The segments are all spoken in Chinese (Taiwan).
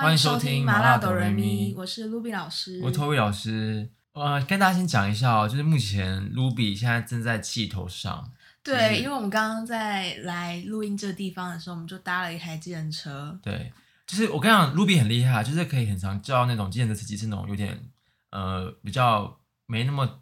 歡迎收聽《麻辣哆唻咪》，我是 Ruby 老師，我是 Toby 老師，嗯。呃，跟大家先講一下哦，就是目前 Ruby 現在正在氣頭上。對，就是、因為我們剛剛在來錄音這個地方的時候，我們就搭了一台計程車。對，就是我跟你講，Ruby 很厲害，就是可以很常叫那種計程車司機是那種有點呃比較沒那麼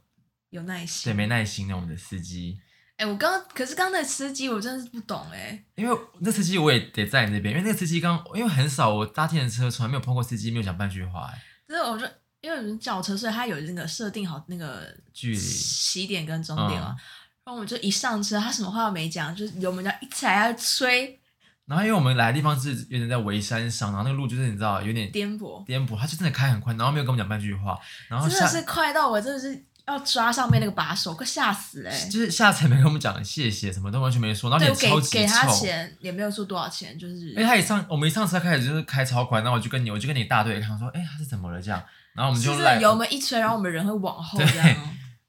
有耐心，對，沒耐心那種的司機。哎、欸，我剛可是剛剛那個司機，我真的是不懂哎、欸。因為那司機我也得在你那邊，因為那個司機剛因為很少我搭電車，從來沒有碰過司機，沒有講半句話哎、欸。就是我就，因為我們叫車，所以他有那個設定好那個距離起點跟終點啊、嗯，然後我們就一上車，他什麼話都沒講，就是油門我們要一起來要吹。然後因為我們來的地方是有點在圍山上，然後那個路就是你知道有點顛簸，顛簸，他就真的開很快，然後沒有跟我們講半句話，然後真的是快到我真的是。要抓上面那個把手，快嚇死嘞、欸！就是下車沒跟我們講謝謝什麼，都完全沒說。然後你給給他錢，也沒有說多少錢，就是。因為他一上，我們一上車開始就是開超快，然後我就跟你，我就跟你大隊然後說，哎、欸，他是怎麼了這樣？然後我們就油門一吹，然後我們人會往後這樣。對，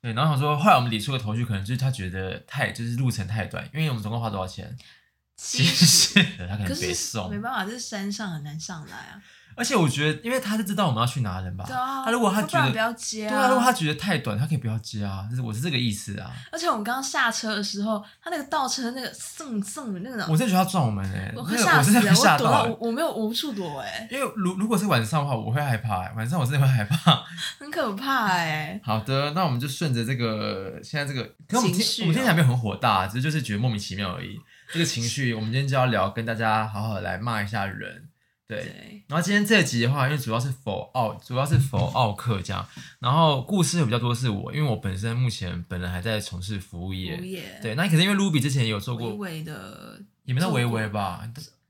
對然後他說，後來我們理出個頭緒，可能就是他覺得太就是路程太短，因為我們總共花多少錢？其實，其實他可能別送，可沒辦法，這山上很難上來啊。而且我覺得，因為他是知道我們要去哪裡吧對、啊？他如果他覺得他不，不要接、啊，對啊，如果他覺得太短，他可以不要接啊。就是我是這個意思啊。而且我們剛剛下車的時候，他那個倒車那個蹭蹭的那個，我真的覺得他撞我們誒、欸。我嚇、那個、到我到，我沒有無處躲誒、欸。因為如如果是晚上的話，我會害怕、欸。晚上我真的會害怕，很可怕誒、欸。好的，那我們就順着這個現在這個可是我們今天、喔、天還沒有很火大，只是就是覺得莫名其妙而已。這個情緒，我們今天就要聊，跟大家好好來罵一下人，對。對，然後今天這集的話，因為主要是否奧，主要是否奧克這樣。 然後故事也比較多是我，因為我本身目前本人還在從事服務業，對。那可是因為 Ruby 之前也有做過，微微的，也不是微微吧？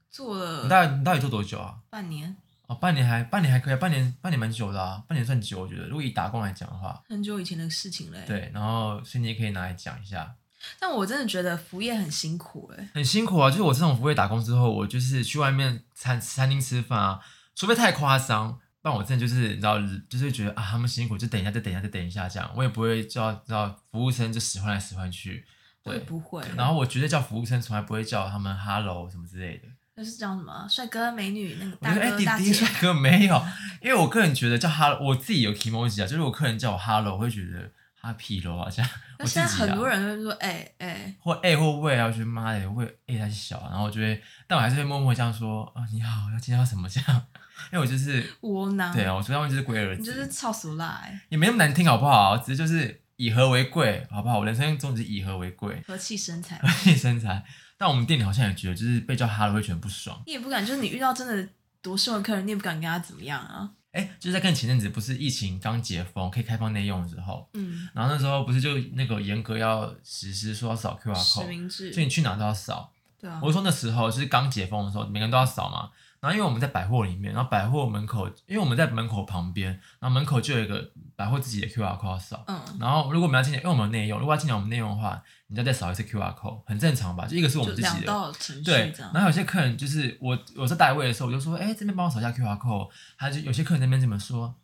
做了，大概你，你到底做多久啊？半年。哦，半年還半年還可以，半年半年蠻久的啊，半年算久，我覺得。如果以打工來講的話，很久以前的事情嘞。對，然後所以你也可以拿來講一下。但我真的覺得服務業很辛苦、欸、很辛苦啊！就是我這種服務業打工之後，我就是去外面餐餐廳吃飯啊，除非太誇張，不然我真的就是你知道，就是覺得啊他們辛苦，就等一下，再等一下，再等一下這樣，我也不會叫叫服務生就使喚來使喚去，對，也不會。然後我絕對叫服務生，從來不會叫他們 Hello 什麼之類的。那、就是叫什麼帥哥美女那個大哥、欸、大姐帥哥沒有，因為我個人覺得叫 Hello，我自己有 kimoji 啊，就是我客人叫我哈嘍，我會覺得。他劈了好像，那現在很多人都會說哎哎、欸欸，或哎、欸、或喂、啊欸啊，然後我覺得媽的喂哎還是小，然後就會，但我還是會默默這樣說啊你好，要介紹什麼這樣？因為我就是窩囊，對啊，我昨天問就是龜兒子，你就是超俗辣、欸，也沒那麼難聽好不好？只是就是以和為貴，好不好？我人生宗旨以和為貴，和氣生財，和氣生財。但我們店裡好像也覺得就是被叫哈嘍會全不爽，你也不敢，就是你遇到真的多凶的客人，你也不敢跟他怎麼樣啊？哎，就是在看前陣子，不是疫情剛解封，可以開放內用的時候，嗯，然後那時候不是就那個嚴格要實施說要掃 QR code，就你去哪都要掃，對啊。我就說那時候就是剛解封的時候，每個人都要掃嘛。然後因為我們在百貨裡面，然後百貨門口，因為我們在門口旁邊，然後門口就有一個百貨自己的 Q R code 要掃嗯。然後如果我們要進點，因為我們有內用，如果要進點我們內用的話，你要再掃一次 Q R code，很正常吧？就一個是我們自己的。兩道程序。對。然後有些客人就是我我在帶位的時候，我就說，哎，這邊幫我掃一下 Q R code。還有就有些客人在那邊這麼說。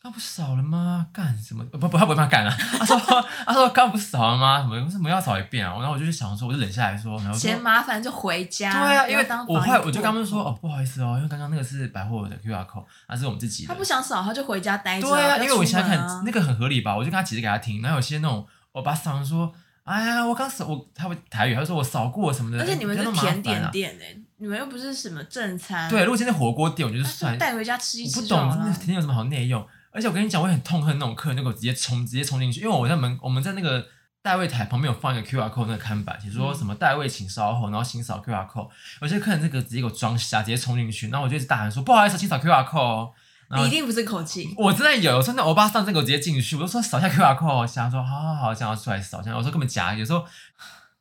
那不掃了嗎？幹什麼？不不，他不幫他幹了。他、啊、說，他、 啊、說，他不掃了嗎？什麼為什麼要掃一遍啊？然後我就去想說，我就忍下來說，嫌麻煩就回家。對啊，因為我會，我就跟他們說哦，不好意思哦，因為剛剛那個是百貨的 QR code，那、啊、是我們自己的。他不想掃，他就回家待着、啊。對啊，因為我現在看、啊、那個很合理吧？我就跟他解釋給他聽。然後有些那種，我把嗓子說，哎呀，我剛掃我，他會台語，他說我掃過什麼的。而且你們是甜點店、啊欸、你們又不是什麼正餐。對，如果今天火鍋店，我覺得算帶回家吃一吃。我不懂，甜點有什麼好內用？而且我跟你講，我很痛恨那種客人，就給我直接衝，直接衝進去。因為我在門，我們在那個帶位台旁邊有放一個 QR code 那個看板，你說什麼“帶位，請稍後”，然後請掃 QR code。有些客人那個直接給我裝瞎，直接衝進去，然後我就一直大喊說：“不好意思，請掃 QR code。”你一定不是口氣，我真的有真的，我爸上次給我直接進去，我就說掃一下 QR code。然後說：“好好好，想要出來掃。”這樣我說這麼假，有時候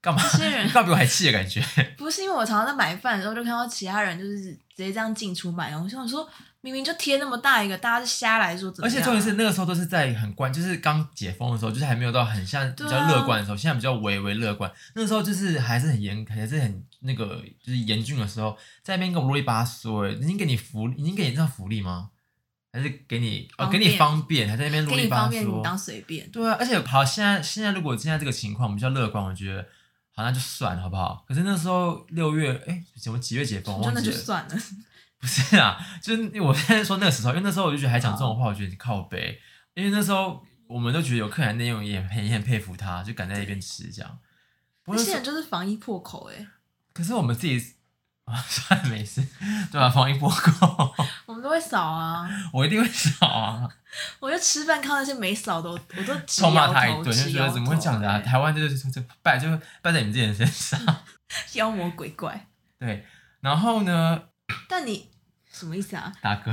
幹嘛？那些人，你倒比我還氣的感覺。不是因為我常常在買飯的時候就看到其他人就是直接這樣進出買，然後就想說。明明就貼那麼大一個，大家就瞎來說、啊。而且重點是，那個時候都是在很關，就是剛解封的時候，就是還沒有到很像比較樂觀的時候、啊。現在比較微微樂觀，那個、時候就是還是很嚴，還是很那個，就是嚴峻的時候，在那邊跟我們囉裡吧嗦。已經給你福利，已經給你這樣福利嗎？還是給你哦，給你方便，還在那邊囉裡吧嗦。你方便你當隨便。對、啊、而且好，現在現在如果現在這個情況我們比較樂觀，我覺得好，那就算了，好不好？可是那時候六月，哎、欸，什麼幾月解封？我忘記了就就算了。不是啊，就是我現在說那個時候，因為那時候，我就覺得還講這種話，啊、我覺得你靠北，因為那時候我們都覺得有客人內容也很也很佩服他，就敢在那邊吃這樣。我現在就是防疫破口誒、欸，可是我們自己啊，算了，沒事，對吧、啊？防疫破口，啊、 我們都會掃啊，我一定會掃啊。 我就吃飯看到那些沒掃的，我都臭罵他一頓，就覺得怎麼會講的啊？欸、台灣就是就敗就敗在你們自己身上， 妖魔鬼怪。對，然後呢？但你什麼意思啊，大哥？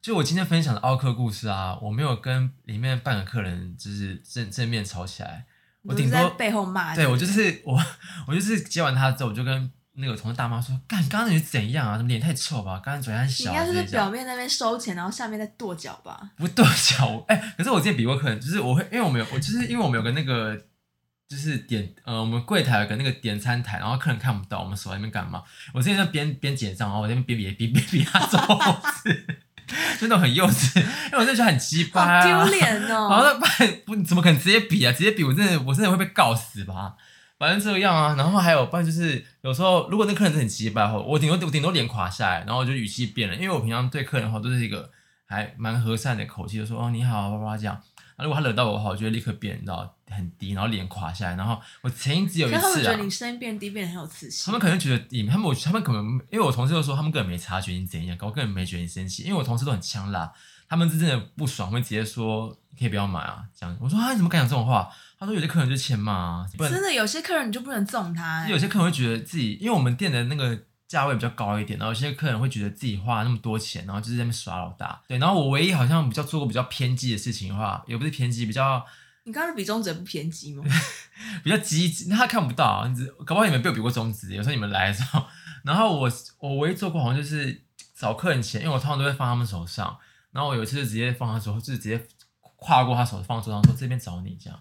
就我今天分享的奧客故事啊，我沒有跟裡面半個客人就是正正面吵起來，我頂多背後罵、嗯。對我就是我，我就是接完他之後，我就跟那個同事大媽說：“幹，剛剛你是怎樣啊？怎麼臉太臭了吧？剛剛嘴還你應該就是表面那邊收錢，然後下面在跺腳吧？不跺腳，哎、欸，可是我之前比過客人，就是我會，因為我沒有，我就是因為我沒有跟那個。 就是點，呃，我們櫃台有個那個點餐台，然後客人看不到我們手裡面幹嘛。我現在邊邊結賬，然 後、啊、我那邊邊嗶邊嗶嗶，他桌子，就那種很幼稚。因為我那時候很奇葩、啊，丟臉哦。然後不然不怎麼可能直接比啊，直接比，我真的我真的會被告死吧。反正這個樣啊，然後還有不然就是有時候如果那客人很奇葩吼，我頂多我頂多臉垮下來，然後我就語氣變了，因為我平常對客人的話都是一個還蠻和善的口氣，就說哦你好，爸爸這樣。後、啊、如果他惹到我的話，我就立刻變，你知道。很低，然後臉垮下來，然後我前一只有一次、啊、他們覺得你聲音變低，變得很有磁性。他們可能覺得你，他們他們可能，因為我同事都說他們根本沒察覺你怎樣，搞我根本沒覺得你生氣。因為我同事都很嗆辣，他們是真的不爽，會直接說你可以不要買啊。這樣我說啊，你怎麼敢講這種話？他說有些客人就欠罵、啊不。真的有些客人你就不能縱他、欸。有些客人會覺得自己，因為我們店的那個價位比較高一點，然後有些客人會覺得自己花那麼多錢，然後就是在那邊耍老大。對，然後我唯一好像比較做過比較偏激的事情的話，也不是偏激，比較。你剛才比中指還不偏激嗎？ 比較積極，他看不到啊。你搞不好你們被我比過中指，有時候你們來的時候，然後我我唯一做過好像就是找客人錢，因為我通常都會放他們手上。然後我有一次就直接放他手，就是直接跨過他手放桌上說：“這邊找你。”這樣。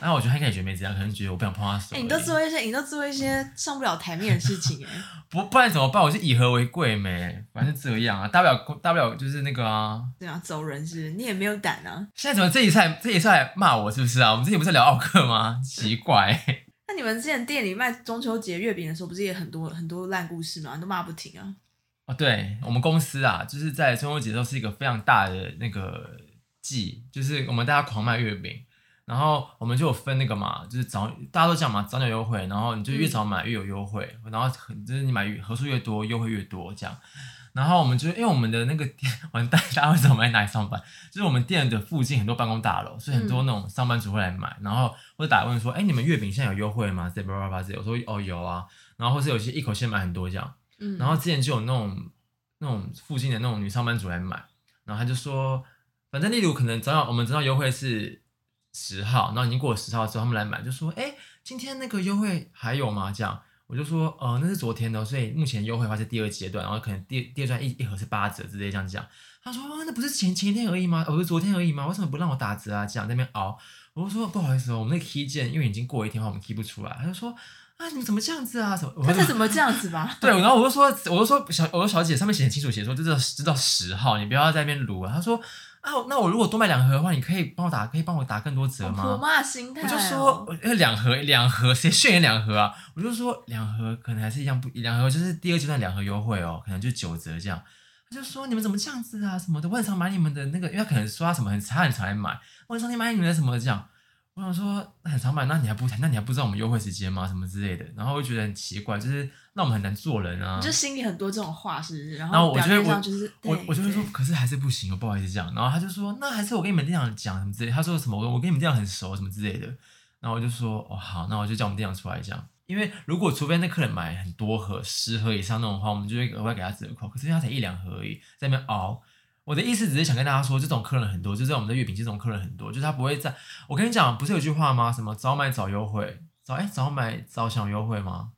然、啊、後我覺得他應該也覺得沒怎樣，可能覺得我不想碰他手、欸。你都做一些，你都做一些上不了台面的事情 不，不然怎麼辦？我是以和為貴沒，反正就這樣啊，大不了大不了就是那個啊。對啊，走人是，是，你也沒有膽啊。現在怎麼這一次，這一次還罵我是不是啊？我們之前不是在聊奧客嗎？奇怪、欸。 那你們之前店裡賣中秋節月餅的時候，不是也很多很多爛故事嗎？你都罵不停啊。哦、啊，對我們公司啊，就是在中秋節的時候是一個非常大的那個季，就是我們大家狂賣月餅。然後我們就有分那個嘛，就是早大家都講嘛，早鳥優惠，然後你就越早買越有優惠，嗯、然後很，就是你買盒數越多優惠越多這樣。然後我們就因為我們的那個，店，我們大家會知道我們在哪裡上班，就是我們店的附近很多辦公大樓，所以很多那種上班族會來買，嗯、然後或者打問說，哎，你們月餅現在有優惠嗎？這巴拉巴拉這，我說哦有啊，然後或是有些一口氣買很多這樣。然後之前就有那種那種附近的那種女上班族來買，然後她就說，反正例如可能早鳥我們知道優惠是。十號，然後已經過了十號之後，他們來買就說：“哎，今天那個優惠還有嗎？”這樣我就說：“呃，那是昨天的，所以目前優惠的話是第二階段，然後可能第二第二階段一一盒是八折，之類。這樣講。”他說、啊：“那不是前前一天而已嗎？我、哦、說：‘昨天而已嗎？為什麼不讓我打折啊？”這樣在那邊熬，我就說：“不好意思，我們那個 key 鍵因為已經過一天了，我們 key 不出來。”他就說：“啊，你怎麼這樣子啊？怎麼他是怎麼這樣子吧？” 對，然後我就說：“我就說小，我說小姐，上面寫很清楚，寫說這到這到十號，你不要在那邊盧啊。”他說。啊，那我如果多買兩盒的話，你可以幫我打，可以幫我打更多折嗎？哦、我就說，呃，兩盒，兩盒，誰炫耀兩盒啊？我就說，兩盒可能還是一樣不，兩盒就是第二階段兩盒優惠哦，可能就九折這樣。他就說，你們怎麼這樣子啊？什麼的？我很常買你們的那個，因為他可能刷什麼很常很常來買。我說你買你們的什麼這樣？我想說很常買，那你還不那你還不知道我們優惠時間嗎？什麼之類的？然後我就覺得很奇怪，就是。那我們很難做人啊！就心裡很多這種話，是不是？然後表面上就是我就是我，我，我就會說，可是還是不行哦，我不好意思這樣。然後他就說，那還是我跟你們店長講什麼之類。他說什麼，我跟你們店長很熟什麼之類的。然後我就說，哦、喔、好，那我就叫我們店長出來講。因為如果除非那客人買很多盒、十盒以上那種的話，我們就會額外給他折扣。可是他才一兩盒而已，在那邊熬。我的意思只是想跟大家說，這種客人很多，就是我們的月餅這種客人很多，就是他不會在。我跟你講，不是有句話嗎？什麼早買早優惠，早哎、欸、早買早享優惠嗎？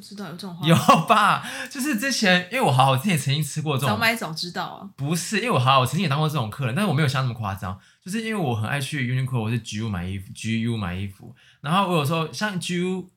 不知道有這種有吧？就是之前，因為我好，我之前也曾經吃過這種早買早知道啊。不是，因為我好，我曾經也當過這種客人，但是我沒有想那麼誇張。就是因為我很愛去 Uniqlo 或是 GU 買衣服，GU 買衣服。然後我有時候像 GU，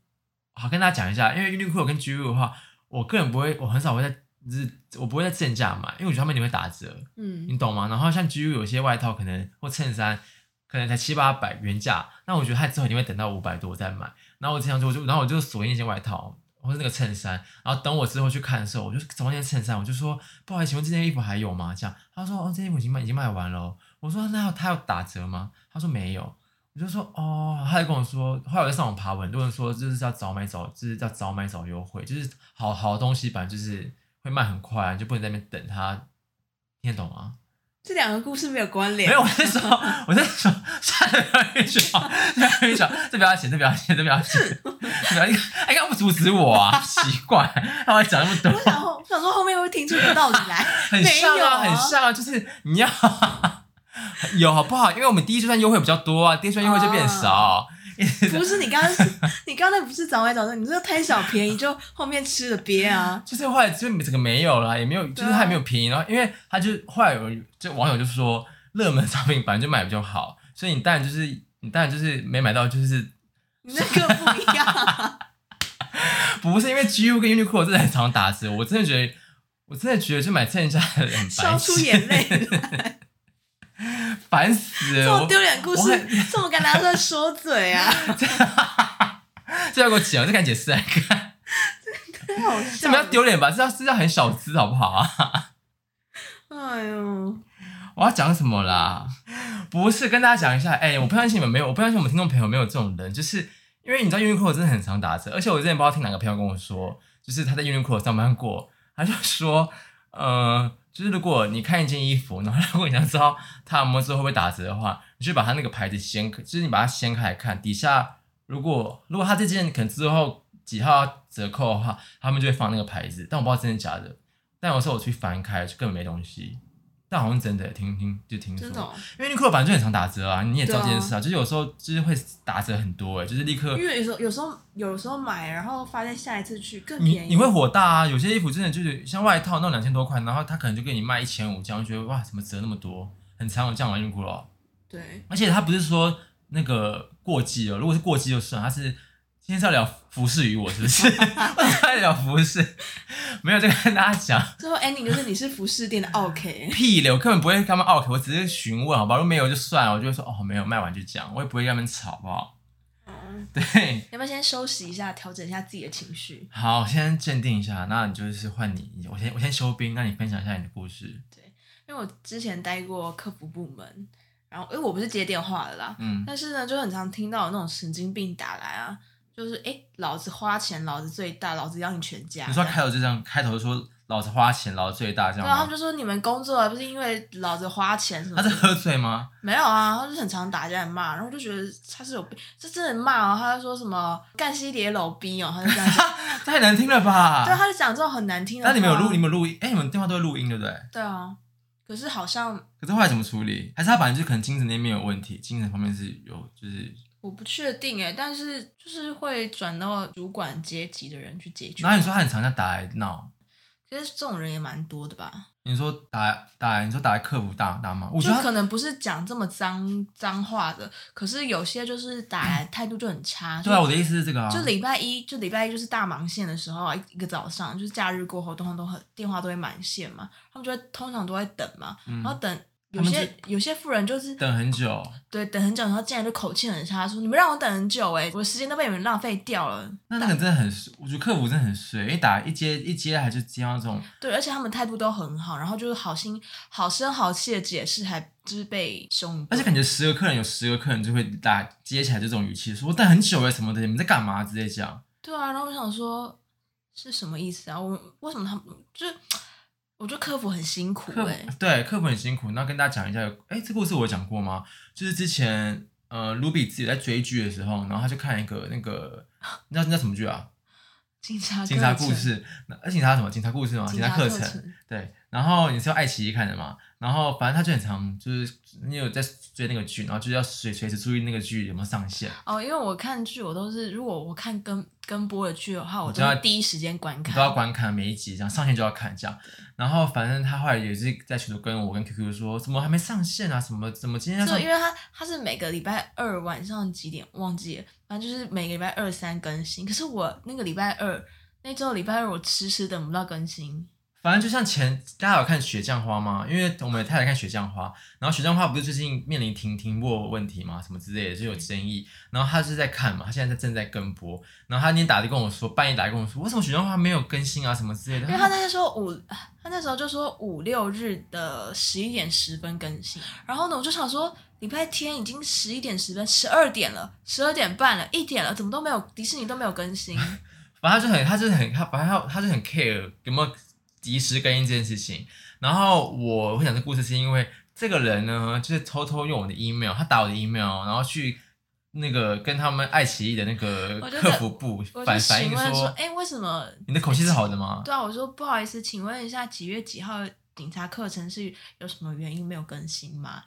好跟大家講一下，因為 Uniqlo 跟 GU 的話，我個人不會，我很少會在，就是我不會在正價買，因為我覺得他們一定會打折。嗯，你懂嗎？然後像 GU 有些外套可能或襯衫可能才七八百原價，那我覺得他之後一定會等到五百多再買。然後我這樣就就，然後我就鎖那些外套。我或是那個襯衫，然後等我之後去看的時候，我就找那件襯衫，我就說：“不好意思，請問這件衣服還有嗎？”這樣，他說：“哦，這件衣服已經賣，已經賣完了，哦。”我說：“那要他要打折嗎？”他說：“沒有。”我就說：“哦。”他就跟我說，後來我在上網爬文，很多人說這是叫早買早，這、就是叫早買早優惠，就是好好的東西反正就是會賣很快，啊，就不能在那邊等他，聽得懂嗎？這兩個故事沒有關聯。沒有，我在說，我在說，這邊越說，這邊越說，這邊要寫，這不要錢這不要錢這不要錢哎，幹嘛不阻止我啊？奇怪，幹嘛講那麼多？我想後，我想說後面會聽出個道理來。啊、很像啊，很像啊，就是你要有好不好？因為我們第一階段優惠比較多啊，第一階段優惠就變少。哦不是你剛剛， 你剛剛那不是找來找去，你說貪小便宜，就後面吃了鱉啊。就是後來就整個沒有了、啊，也沒有、啊，就是還沒有便宜。然後，因為他就後來就網友就說，熱門商品反正就買比較好，所以你當然就是你當然就是沒買到，就是那個不一樣。 不是因為 GU 跟 UNIQLO 真的很常打折，我真的覺得我真的覺得就買襯衫很白痴，笑、出眼淚。 煩死！了，這麼丟臉故事，這麼跟大家在說嘴啊！哈哈哈哈這要給我講，這敢解釋看真的好笑！這不要丟臉吧？這這要，要很小資好不好啊？哎呦！我要講什麼啦？不是跟大家講一下，哎、欸，我不相信你們沒有，我不相信我們聽眾朋友沒有這種人，就是因為你知道，優衣庫我真的很常打折，而且我之前不知道聽哪個朋友跟我說，就是他在優衣庫上班過，他就說，嗯、呃。就是如果你看一件衣服，然後如果你想知道它有沒有之後會不會打折的話，你去把它那個牌子掀開，就是你把它掀開來看，底下如果如果它這件可能之後幾號折扣的話，他們就會放那個牌子，但我不知道真的假的。但有時候我去翻開，就根本沒東西。但好像真的，聽聽就聽說，哦、因為優衣庫反正就很常打折啊，你也知道這件事啊，啊就是有時候就是會打折很多哎，就是立刻，因為有時候有時候有時候買，然後發現下一次去更便宜，你你會火大啊？有些衣服真的就是像外套那種兩千多塊，然後他可能就給你賣一千五，這樣我覺得哇，怎麼折那麼多？很常有這樣買優衣庫咯。對，而且它不是說那個過季了，如果是過季就算，它是。今天是要聊服飾於我是不是？要聊服飾，沒有在跟大家講。最後 ending 就是你是服飾店的奧客。屁咧！我根本不會他們奧客，我只是詢問好不好？如果沒有就算了，我就說哦，沒有賣完就講，我也不會跟他們吵好不好？嗯，對，要不要先休息一下，調整一下自己的情緒？好，我先鎮定一下。那你就是換你，我先我先收兵。那你分享一下你的故事。對，因為我之前待過客服部門，然後因為我不是接電話的啦，嗯，但是呢就很常聽到有那種神經病打來啊。就是誒、欸，老子花錢，老子最大，老子要你全家。你說他開頭就這樣，開頭就說老子花錢，老子最大這樣。然後、啊、他們就說你們工作啊，不是因為老子花錢什麼。他在喝醉嗎？沒有啊，他就很常打，就在那罵，然後我就覺得他是有病、喔，他真的罵，然後他說什麼幹西疊老逼哦，他就這樣 太難聽了吧。對，他就講這種很難聽的。那你們有錄？你們錄音？誒、欸，你們電話都會錄音對不對？對啊。可是好像，可是後來怎麼處理？還是他反正就可能精神那邊有問題，精神方面是有就是。我不確定哎、欸，但是就是會轉到主管階級的人去解決。那你說他很常在打來鬧？其實這種人也蠻多的吧。你說打來打來，你說打來客服打打罵，我覺得可能不是講這麼髒髒話的，可是有些就是打來態度就很差、嗯就。對啊，我的意思是這個啊。就禮拜一，就禮拜一就是大忙線的時候，一個早上就是假日過後，通常都很電話都會滿線嘛，他們就會通常都會等嘛，然後等。嗯有些有些富人就是等很久，對，等很久，然後進來就口氣很差，說你們讓我等很久誒、欸，我的時間都被你們浪費掉了。那那個真的很，我覺得客服真的很衰，一打一接一接還是接那種。對，而且他們態度都很好，然後就是好心好聲好氣的解釋，還就是被兇。而且感覺十個客人有十個客人就會打接起來這種語氣說我等很久哎、欸，什麼的，你們在幹嘛直接講。對啊，然後我想說是什麼意思啊？我為什麼他們就是？我覺得客服很辛苦、欸，對，客服很辛苦。那跟大家講一下，哎，這故事我有講過嗎？就是之前，呃，盧比自己在追劇的時候，然後他就看一個那個，你知道那叫什麼劇啊？警察，警察故事，那警察什麼？警察故事嗎？警察課程，程，對。然後你是用愛奇藝看的嘛？然後反正他就很常就是你有在追那個劇，然後就要隨隨時注意那個劇有沒有上線。哦，因為我看劇我都是，如果我看跟跟播的劇的話，我就要第一時間觀看，要都要觀看每一集，這樣上線就要看這樣。然後反正他後來也是在群裡跟我，我跟 Q Q 說，怎麼還沒上線啊？什麼怎麼今天要？因為，他他是每個禮拜二晚上幾點忘記了，反正就是每個禮拜二三更新。可是我那個禮拜二那週禮拜二，我遲遲等不到更新。反正就像前，大家有看雪降花嗎？因為我們太太看雪降花，然後雪降花不是最近面臨停停播問題嗎？什麼之類的，就有爭議。然後他就是在看嘛，他現在在正在跟播。然後他今天打的跟我說，半夜打跟我說，為什麼雪降花沒有更新啊？什麼之類的。因為他那時候五，他那時候就說五六日的十一點十分更新。然後呢，我就想說，禮拜天已經十一點十分，十二點了，十二點半了，一點了，怎麼都沒有迪士尼都沒有更新。反正他就很，他就很，他，反正他她就很 care 有沒有。及時更新這件事情，然後我會講的故事是因為這個人呢，就是偷偷用我的 email，他打我的 email，然後去那個跟他們愛奇藝的那個客服部反反映說，哎，為什麼？你的口氣是好的嗎？對啊，我說不好意思，請問一下幾月幾號警察課程是有什麼原因沒有更新嗎？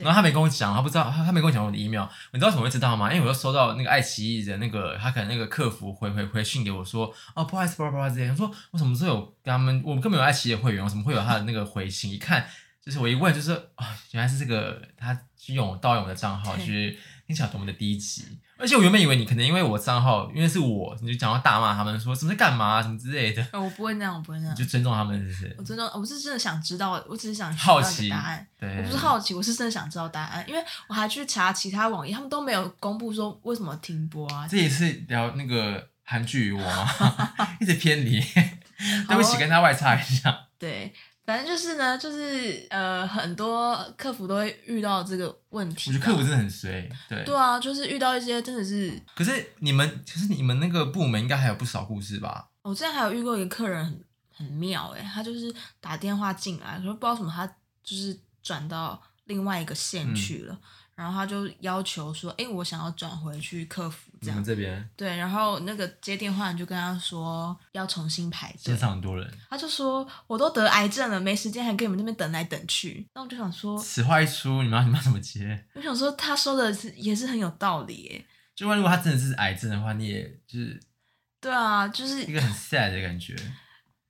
然後他沒跟我講，他不知道，他他沒跟我講我的 email。你知道怎麼會知道嗎？因為我就收到那個愛奇藝的那個，他可能那個客服回回回信，給我說， 哦，不好意思，不好意思，我說我什麼時候有跟他們？我們根本沒有愛奇藝的會員，我怎麼會有他的那個回信？一看就是我一問，就是啊、哦，原來是這個，他用盜用我的賬號去，你想多麼的低級。而且我原本以為你可能因為我賬號，因為是我，你就講到大罵他們說，說什麼幹嘛、啊、什麼之類的、哦。我不會那樣，我不會那樣，你就尊重他們，是不是？我尊重，我是真的想知道，我只是想知道答案，好奇答案。我不是好奇，我是真的想知道答案，因為我還去查其他網頁，他們都沒有公布說為什麼停播啊。這也是聊那個韓劇，我嗎？ 一直偏離， 對不起，跟他外插一下。對。反正就是呢，就是呃，很多客服都會遇到這個問題。我覺得客服真的很衰。對，對啊，就是遇到一些真的是。可是你們，可、就是你們那個部門應該還有不少故事吧？我之前還有遇過一個客人很很妙哎、欸，他就是打電話進來，說不知道什麼，他就是轉到另外一個線去了。嗯然後他就要求說：“哎，我想要轉回去客服，這樣。”你們這邊對，然後那個接電話就跟他說要重新排隊。現場很多人。他就說：“我都得癌症了，沒時間還跟你們那邊等來等去。”那我就想說，此話一出，你們要你們要怎麼接？我想說，他說的是也是很有道理耶。就問，如果他真的是癌症的話，你也就是對啊，就是一個很 sad 的感覺。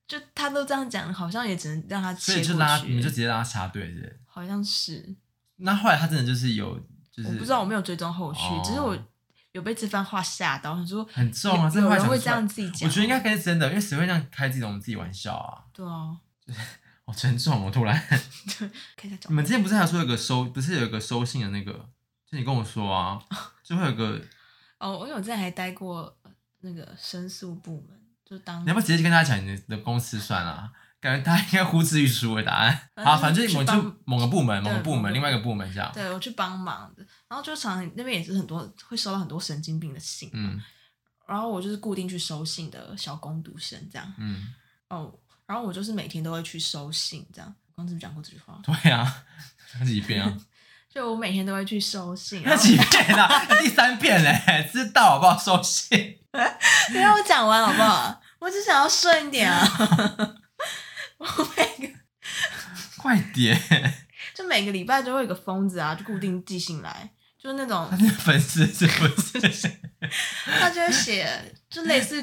就他都這樣講，好像也只能讓他接，所以就拉，你就直接拉他插隊是是，好像是。那後來他真的就是有，就是我不知道我沒有追蹤後續，哦，只是我有被這番話嚇到。我說很重啊，這話有人會這樣自己講？我覺得應該是真的，真的，因為誰會這樣開這種自己玩笑啊？對啊，就是好沉重我突然。對， 你們之前不是還說有個收，不是有個收信的那個？就你跟我說啊，就會有個 哦。我有在還待過那個申訴部門，就當你要不要直接去跟大家講你的公司算了，啊？感覺他應該呼之欲出的答案啊，反正，就去反正就某處某個部門，某個部門，另外一個部門這樣。對，我去幫忙，然後就常，常那邊也是很多會收到很多神經病的信，嗯，然後我就是固定去收信的小工讀生這樣。嗯，哦，然後我就是每天都會去收信這樣。我剛剛才講過這句話？對啊，講幾遍啊？ 就我每天都會去收信。那幾遍啦，啊？ 第三遍嘞？知道好不好？收信，你讓 我講完好不好？我只想要順一點啊。 我每個快點，就每個禮拜都會有個瘋子啊，就固定寄信來，就是那種粉絲是粉絲， 他就會寫，就類似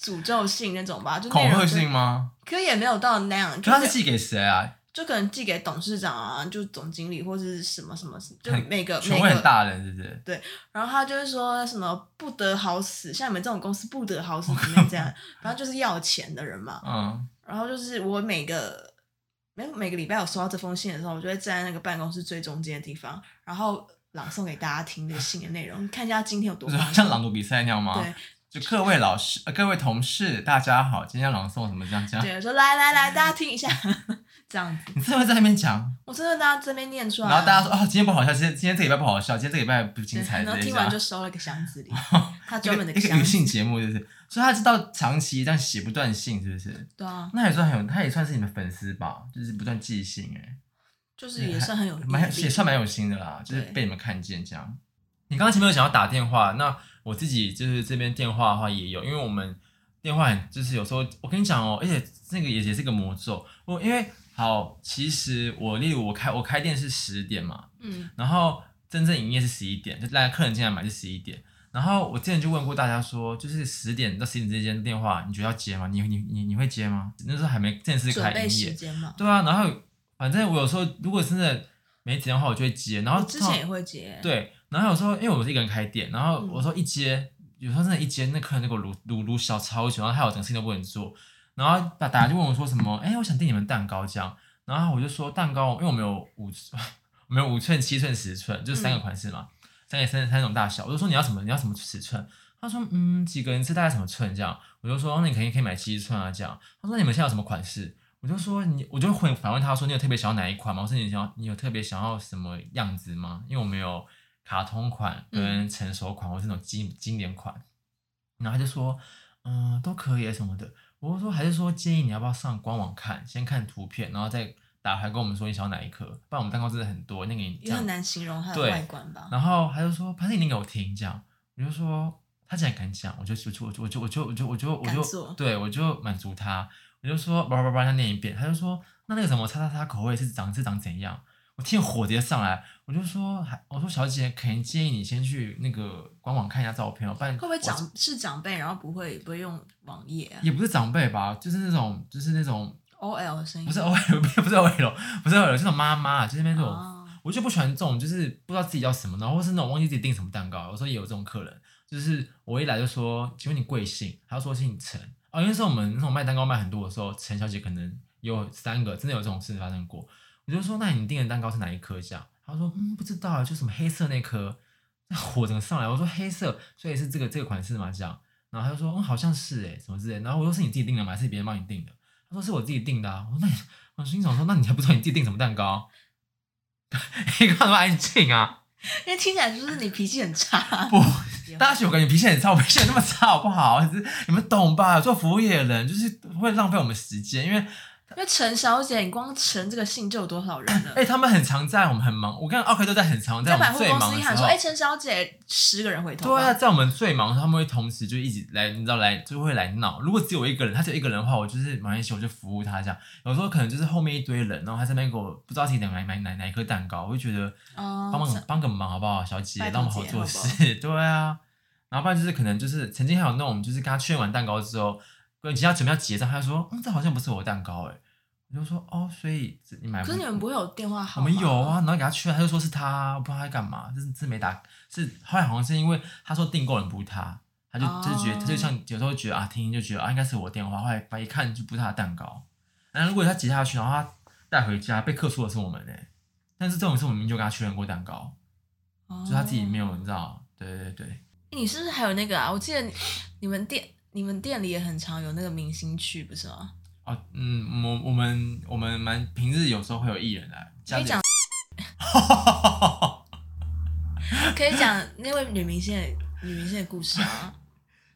詛咒信那種吧，就，就會恐嚇信嗎？可也沒有到那樣。就他是寄給誰啊？就可能寄給董事長啊，就總經理或者什,什麼什麼，就每個每個大人是不是？對，然後他就會說什麼不得好死，像你們這種公司不得好死，怎麼樣？這樣，反 正就是要錢的人嘛。嗯。然後就是我每個每每個禮拜我收到這封信的時候，我就會站在那個辦公室最中間的地方，然後朗誦給大家聽的信的內容。看一下今天有多像朗讀比賽那樣嗎？對，就各位老師、呃、各位同事，大家好，今天朗誦什麼？這樣這樣，對，我說，來來來，大家聽一下。 這樣子，你真的會在那邊講？我真的大家這邊念出來、啊，然後大家說啊、哦，今天不好笑，今天今天這禮拜不好笑，今天這禮拜不精彩。然後聽完就收了個箱子裡，哦、他專門的一個一個郵件節目就是，所以他知道長期這樣寫不斷信，是不是？對啊，那也算很有，他也算是你們粉絲吧，就是不斷寄信、欸。哎，就是也算很有蠻也算蠻有心的啦，就是被你們看見這樣。你剛剛前面有講要打電話，那我自己就是這邊電話的話也有，因為我們。電話就是有時候，我跟你講哦、喔，而且那個也也是個魔咒。我因為好，其實我例如我開我開店是十點嘛，嗯，然後真正營業是十一點，就來客人進來買是十一點。然後我之前就問過大家說，就是十點到十一點之間電話，你覺得要接嗎？你你你你會接嗎？那時候還沒正式開營業，對啊。然後反正我有時候如果真的沒接的話，我就會接。然後之前也會接。對，然後有時候因為我們是一個人開店，然後我說一接。嗯有時候真的，一間，那客人那個盧盧盧小超喜歡，然後還有整事情都不能做，然後大家就問我說什麼？哎、欸，我想訂你們蛋糕這樣，然後我就說蛋糕，因為我沒有五，我沒有五寸、七寸、十寸，就是三個款式嘛，嗯、三個三個三種大小，我就說你要什麼？你要什麼尺寸？他說嗯，幾個人吃大概什麼寸這樣？我就說那你可以可以買七寸啊這樣。他說你們現在有什麼款式？我就說你，我就會反問他說你有特別想要哪一款嗎？我說你想要你有特別想要什麼樣子嗎？因為我沒有。卡通款跟成熟款，或是那種經、嗯、經典款，然後他就說，嗯、呃，都可以什麼的。我就說，還是說建議你要不要上官網看，先看圖片，然後再打牌跟我們說你想要哪一顆，不然我們蛋糕真的很多，那個也很難形容它的外觀吧。然後他就說，把你念給我聽，這樣。我就說，他竟然敢講，我就我就我就我就我就我就我就，對我就滿足他，我就說叭叭叭他念一遍。他就說，那那個什麼叉叉叉口味是長是長怎樣？我聽火蝶上來，我就說還，還我說小姐肯定建議你先去那個官網看一下照片哦、喔。不然我會不會長是長輩，然後不會不會用網頁、啊？也不是長輩吧，就是那種就是那種 OL 的聲音。不是 OL，不是 OL，不是 OL，就是那種媽媽，就是那種，uh. 我就不喜歡這種，就是不知道自己要什麼，然後或是那種忘記自己訂什麼蛋糕。我說也有這種客人，就是我一來就說，請問你貴姓？他就說姓陳啊、哦？因為是我們那種賣蛋糕賣很多的時候，陳小姐可能有三個，真的有這種事發生過。你就說，那你訂的蛋糕是哪一顆？這樣，他說，嗯，不知道啊，就什麼黑色那顆，那火怎麼上來？我說黑色，所以是這個這個、款式嗎？這樣，然後他就說，嗯，好像是誒、欸，什麼之類的。然後我說，是你自己訂的嗎？還是別人幫你訂的？他說是我自己訂的啊。我說那你，我心想說，那你還不知道你自己訂什麼蛋糕？你看怎麼安靜啊，因為聽起來就是你脾氣很差、啊。 不，但是，我感覺脾氣很差，我脾氣那麼差好不好，不好？你們懂吧？做服務業的人就是會浪費我們時間，因為。因為陳小姐，你光陳這個姓就有多少人呢？哎、欸，他們很常在，我們很忙。我看二 K 都在很常在。我們最忙。在百貨公司一喊說：“哎、欸，陳小姐，十個人回頭。”對啊，在我們最忙的時候，他們會同時就一直來，你知道來就會來鬧。如果只有一個人，他就一個人的話，我就是忙一些，我就服務他這樣。有時候可能就是後面一堆人，然後還在那邊給我不知道自己來買哪哪哪一顆蛋糕，我就覺得，幫、嗯、忙幫個忙好不好，小姐，姐讓我們好做事。好好對啊，然後不然就是可能就是曾經還有那種就是跟他確認完蛋糕之後，等其他準備要結賬，他就說：“嗯，這好像不是我的蛋糕，哎。”就說哦，所以你買不，可是你們不會有電話號碼嗎？我們有啊，然後給他確認，他就說是他、啊，我不知道他在幹嘛，就是字沒打，是，是後來好像是因為他說訂購人不是他，他就就覺得他、哦、就像有時候覺得啊，聽就覺得啊，應該是我電話，後來一看就不是他的蛋糕。那如果他接下去，然後他帶回家被客訴的是我們哎、欸，但是這種事我們明明就跟他確認過蛋糕、哦，就他自己沒有，你知道？對，對對對，你是不是還有那個啊？我記得你們店你們店裡也很常有那個明星去，不是嗎？哦，嗯，我們我們我們蠻平日有時候會有藝人來，你 可以講，可以講那位女明星的女明星的故事啊。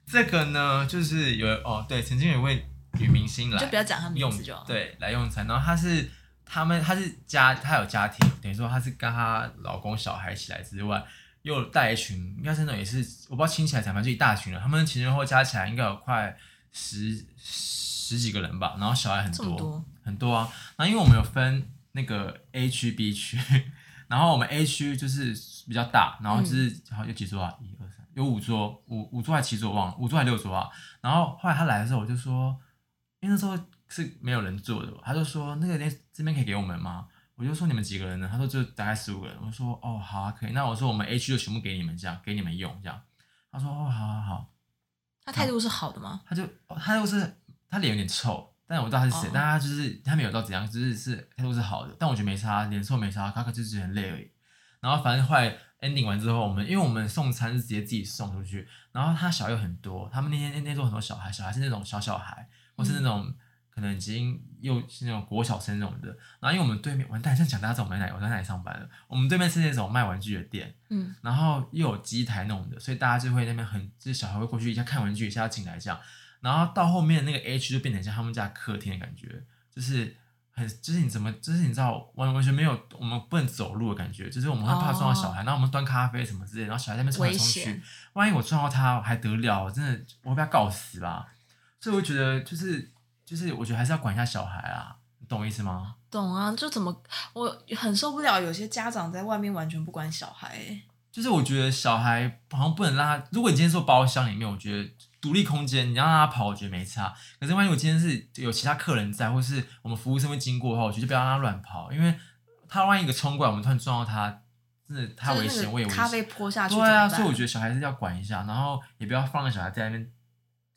這個呢，就是有哦，對，曾經有一位女明星來，就不要講她們名字，對，來用餐，然後她是她們，她是家，她有家庭，等於說她是跟她老公小孩一起來之外，又帶一群，應該真的也是我不知道親戚來採訪就一大群人，他們前前後加起來應該有快十。十幾個人吧，然後小孩很多，多很多啊。那因為我們有分那個 A 區、B 區，然後我們 A 區就是比較大，然後就是、嗯、好有幾桌啊，一二三，有五桌，五五桌還七桌忘了，五桌還六桌啊。然後後來他來的時候，我就說，因為那時候是沒有人坐的，他就說，那個那這邊可以給我們嗎？我就說，你們幾個人呢？他說就大概十五個人。我說哦，好啊，可以。那我說我們 A 區就全部給你們這樣，給你們用這樣。他說哦，好好好，好。他態度是好的嗎？他就、哦、他就是。他臉有點臭，但我不知道他是誰、哦。但他就是他沒有到怎樣，只、就是是他都是好的。但我覺得沒差，臉臭沒差。他可，可就是很累而已。然後反正後來 ending 完之後，我們因為我們送餐是直接自己送出去。然後他小孩又很多，他們那天那天坐很多小孩，小孩是那種小小孩，嗯、或是那種可能已經又是那種國小生那種的。然後因為我們對面完蛋，像講大家這種買奶我在那裡上班了，我們對面是那種賣玩具的店。嗯，然後又有機台那種的，所以大家就會那邊很，就是小孩會過去一下看玩具，一下要進來一下。然後到後面那個 H 就變成像他們家客廳的感覺，就是很，就是你怎麼，就是你知道完完全沒有我們不能走路的感覺，就是我們會怕撞到小孩，哦，然後我們端咖啡什麼之類的，然後小孩在那邊衝來衝去，萬一我撞到他，我還得了？真的，我會被他告死啦！所以我覺得就是就是，我覺得還是要管一下小孩啊，你懂我意思嗎？懂啊，就怎麼我很受不了，有些家長在外面完全不管小孩。就是我覺得小孩好像不能讓他，如果你今天說包廂裡面，我覺得。獨立空間，你讓他跑，我覺得沒差。可是萬一我今天是有其他客人在，或是我們服務生會經過的話，我覺得就不要讓他亂跑，因為他萬一一個衝過來，我們突然撞到他，真的太危險，就是。我也咖啡潑下去，對啊，所以我覺得小孩子要管一下，然後也不要放個小孩在那邊，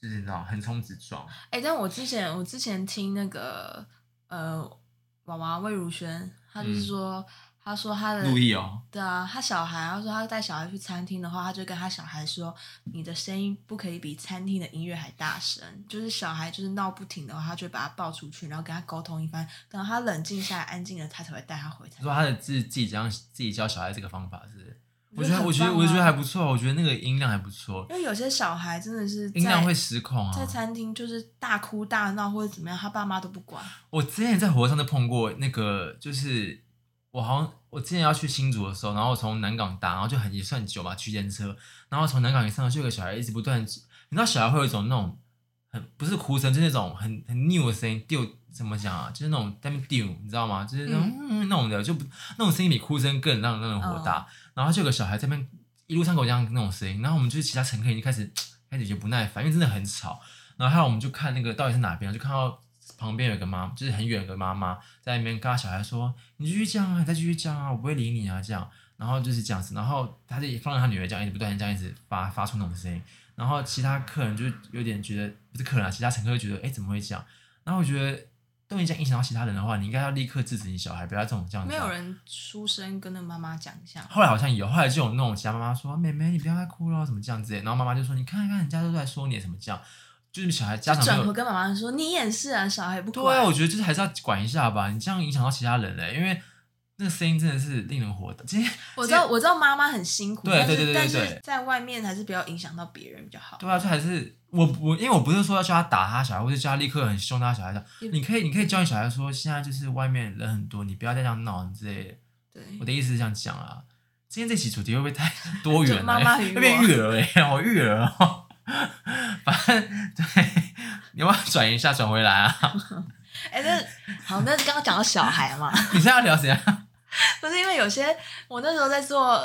就是那種橫衝直撞。哎、欸，但我之前我之前聽那個呃娃娃魏如萱，她就是說。嗯他說他的，哦，對啊，他小孩，他說他帶小孩去餐廳的話，他就跟他小孩說，你的聲音不可以比餐廳的音樂還大聲。就是小孩就是鬧不停的話，他就把他抱出去，然後跟他溝通一番，等他冷靜下來，安靜了，他才會帶他回家。說他的自自己教自己教小孩這個方法是，是，啊，我覺得我覺得我覺得還不錯，我覺得那個音量還不錯。因為有些小孩真的是音量會失控啊，在餐廳就是大哭大鬧或者怎麼樣，他爸媽都不管。我之前也在火車上就碰過那個，就是。我好像我之前要去新竹的時候，然後從南港搭，然後就很也算久吧，區間車，然後從南港一上車就有個小孩一直不斷，你知道小孩會有一種那種很不是哭聲，就是那種很很拗的聲音，丟怎麼講啊？就是那種在那邊丟，你知道嗎？就是那種、嗯、那種的，就不那種聲音比哭聲更讓人火大，哦。然後就有個小孩在那邊一路上跟我講那種聲音，然後我們就是其他乘客已經開始開始就不耐煩，因為真的很吵，然後還有我們就看那個到底是哪邊，就看到。旁邊有個媽，就是很遠的媽媽，在那邊跟他小孩說：“你繼續講啊，你再繼續講啊，我不會理你啊。”這樣，然後就是這樣子，然後他就放在他女兒這樣，一直不斷這樣，一直發發出那種聲音。然後其他客人就有點覺得，不是客人啊，其他乘客就覺得：“哎、欸，怎麼會這樣？”然後我覺得，對你講影響到其他人的話，你應該要立刻制止你小孩，不要這種這樣、啊。沒有人出聲跟那媽媽講一下。後來好像有，後來就有那種其他媽媽說：“妹妹，你不要再哭了，怎麼這樣子？”然後媽媽就說：“你看一看人家都在說你什麼這樣。”就是小孩家長就轉頭跟媽媽說：“你也是啊，小孩不可。”對啊，我覺得就是還是要管一下吧。你這樣影響到其他人嘞，因為那個聲音真的是令人火大。今天我知道，我知道媽媽很辛苦，對、啊、但是對對對，對但是在外面還是不要影響到別人比較好。對啊，就還是我我因為我不是說要叫他打他小孩，我就叫他立刻很兇他小孩的。你可以你可以教你小孩說，現在就是外面人很多，你不要再這樣鬧，你之類的。對，我的意思是這樣講啊。今天這期主題會不會太多元、啊、媽媽那了？會不會育兒哎？哦，育兒。反正對，你要不要轉一下，轉回來啊。哎、 欸，那好，那剛剛講到小孩嘛，你現在要聊誰啊？不是因為有些我那時候在做